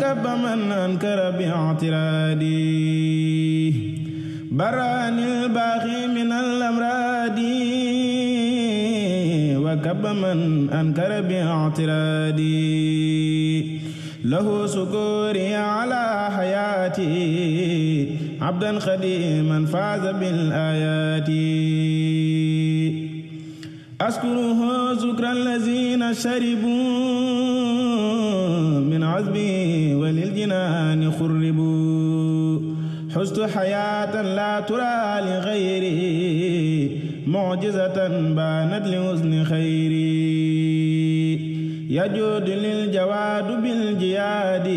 وتب من أنكر باعترادي براني الباغي من الأمراد وكب من أنكر باعترادي له سكوري على حياتي عبدا خديما فاز بالآيات أذكره ذكر الذين شربوا من عذبي وللجنان خربوا حزت حياة لا ترى لغيري معجزة بانت لحسن خيري يجود للجواد بالجياد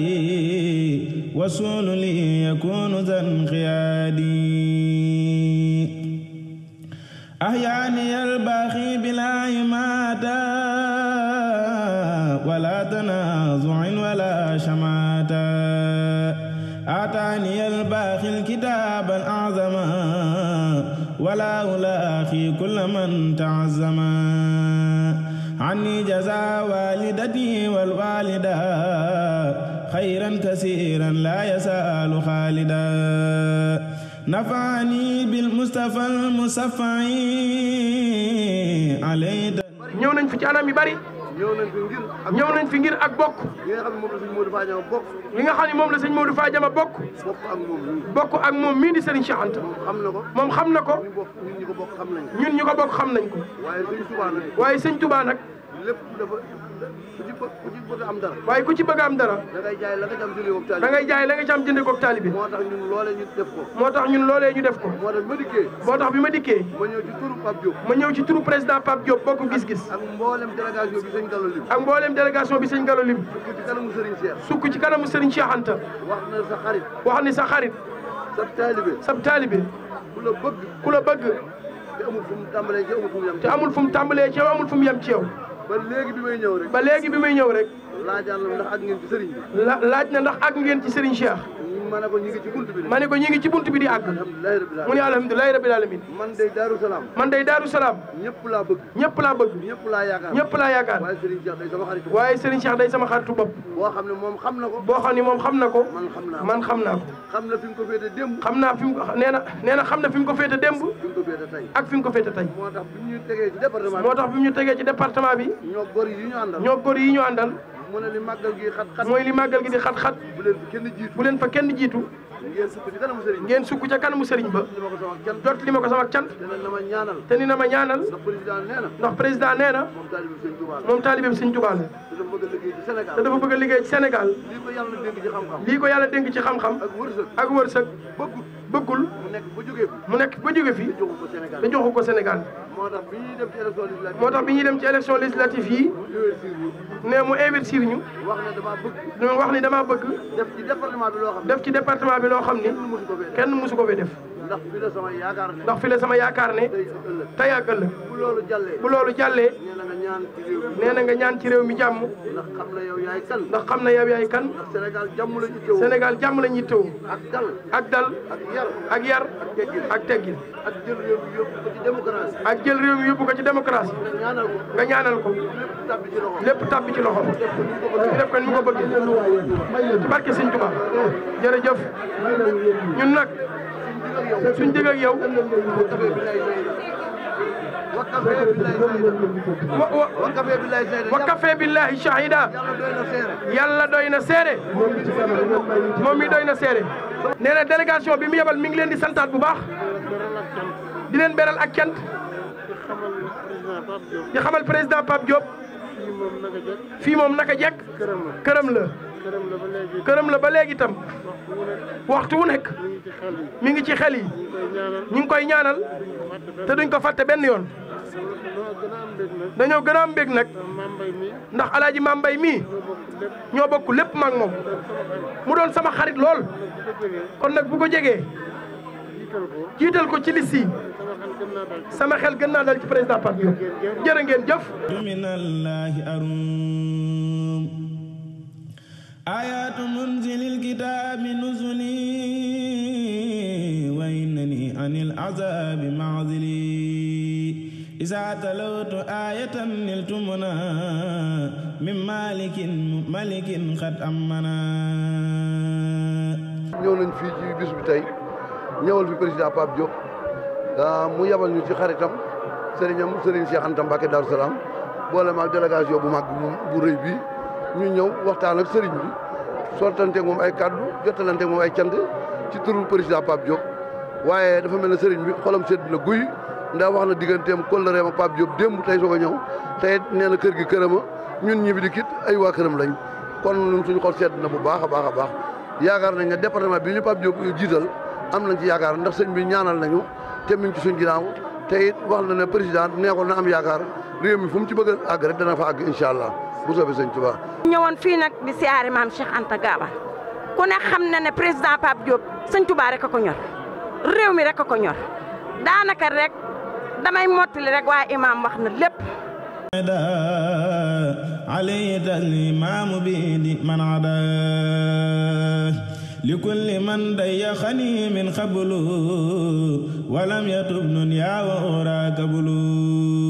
وصول لي يكون ذا انقيادي أحياني الثاني الباخي الكتاب الأعظم ولا ألاخي كل من تعزم عني جزا والدتي والوالدة خيرا كثيرا لا يسأل خالدا نفعني بالمصطفى المصفى عليه ñëw nañ fi ci anam yu bari ñëw nañ fi ngir ak ñëw nañ fi ngir ak bokk. li nga xam ne moom la sëñ li nga xam ne moom la sëñ Modou Fadiama bokk. bokk ak moom mii. bokk ak moom mii di Serigne Cheikh Anta. moom xam na ko moom xam na ko. ñun ñu ko bokk xam nañ ko. ñun ñu ko bokk xam nañ ko. waaye sëñ Touba nag. waaye sëñ nag. lépp dafa. ku ci ku ci bëgg am dara waaye ci bëgg am da ngay jaay la nga ci am jëndee da ngay jaay la nga ci am jëndee ko taali bi moo tax ñun loolee ñu def ko moo tax ñun loolee ñu def ko moo tax bi ma dikkee moo tax bi ma dikkee ma ñëw ci turu Pape Diop ma ci turu président Pape Diop bokk gis-gis a mboolem délégation bi sëñ Gallo Lim bi sëñ Gallo Lim sukk ci kanamu mu Cheikh sukk ci kanamu Serigne Cheikh Anta wax na sa xarit wax ni sa xarit sab taalibe sab taalibe ku la bëgg ku la bëgg te amul fu mu tàmbalee ci amul fu mu yem te amul fu mu tàmbalee ci yow amul fu mu yem ci yow ba léegi bi may ñëw rek. ba léegi bi may ñëw rek. laajal na ndax ak ngeen ci sëriñ laaj na ndax ak ngeen ci sëriñ Cheikh. ma ne ko ñu ngi ci buntu bi di. ma mu ne alhamdulilahi rabbil alamin. man day daaru man day daaru salaam. ñëpp laa bëgg. ñëpp la bëgg. ñëpp laa yaakaar. ñëpp laa yaakaar. waaye Serigne Cheikh day sama xaritu. waaye boo xam ne moom xam na ko. boo xam ne moom xam ko. man xam naa ko man xam naa ko. xam na fi mu ko féete démb. xam naa fi mu ko nee na nee na xam na fi mu ko féete démb. fi mu ko féete tey. ak moo tax bi ñu tegee ci département bi. moo tax bi ñu tegee ci département bi. ñoo góor yi ñu àndal. mu ne li màggal gi xat-xat li màggal gi di xat leen fa kenn jiitu bu leen ngeen sukk ca kanamu sëriñ ngeen sukk ca kanamu sëriñ ba jot ko sama cant ni na ma ñaanal ndax président nee na moom taalibeem sëriñ Tuubaa la te dafa bëgg a liggéey ci Sénégal lii ko yàlla dénk ci xam-xam ak wërsëg bëggul mu nekk ba jóge fi te joxu ko Sénégal moo tax bi ñuy dem ci élection législative yi ne mu investir ñu ñu wax ni damaa bëgg def ci département bi loo xam ni kenn mosu ko fee def ndax fi la sama yaakaar ne tey ak ëllëg bu loolu jàllee bu loolu jàllee nee na nga ñaan ci réew mi jàmm ndax xam na yow yaay kan ndax xam na yow yaay kan ndax Sénégal jàmm la ñu jàmm la ñu teewoo ak dal ak dal ak yar ak yar ak teggin ak jël réew mi yóbbu ko ci démocratie ak jël réew mi yóbbu ko ci démocratie nga ñaanal ko lépp tàbbi ci loxo def ko ni mu ko bëggee ci barke Sëñ Tuubaa jërëjëf ñun nag suñ digg ak yow wa kafe billahi shahida yàlla doy na seere moom mi doy na seere nee na délégation bi mu yebal mi ngi leen di santaat bu baax di leen beral ak cant di xamal président Pape Diop fii moom naka jekk këram la këram la ba léegi itam waxtu wu nekk mi ngi ci xel yi ngi koy ñaanal te duñ ko fàtte benn yoon dañoo gën a am mbég nag ndax alaaji maam mbay mii ñoo bokk lépp maag moom mu doon sama xarit lool kon nag bu ko jegee jiital ko ci liste sama xel gën naa dal ci président Pape Diop jërë ngeen jëf arum ayatu munzilil kitabi nuzuli wa innani anil azabi maazili إذا تلوت آية نلت منا من مالك ملك قد أمنا ñëw nañ fii ci bi tey ñëwal fi président Pape Diop ah, mu yabal ñu ci xaritam sëriñam sëriñ Cheikh Anta Mbacké Darou Salaam boole maag délégation bu mag bu rëy bi ñu ñëw waxtaan sëriñ bi sottante moom ay kàddu jottalante moom ay cant ci turu président Pape Diop waaye dafa mel sëriñ bi xolam sedd na guy ndax wax na digganteem kóllëreem ak Pape Diop démb tey soog a ñëw tey nee na kër gi kërama ñun ñibbi di kit ay waa këram lañ kon ñun suñu xol sedd na bu baax a baax a baax yaakaar nañ ne département bi ñu Pape Diop jiital am nañ ci yaakaar ndax sëñ bi ñaanal nañu te mi ci suñ ginnaaw te it wax na ne président neexoon na am yaakaar réew mi fu mu ci bëgg a rek dana fa àgg incha allah bu soobee sëñ Tuubaa. ñëwoon fii nag si siyaare maam Cheikh Anta Gaawaan ku ne xam na ne président Pape Diop sëñ Tuubaa rek a ko ko ñor damay mottali rek waaye imaam wax na lépp لكل من ضيقني من قبل ولم يتب نيا وأرى قبل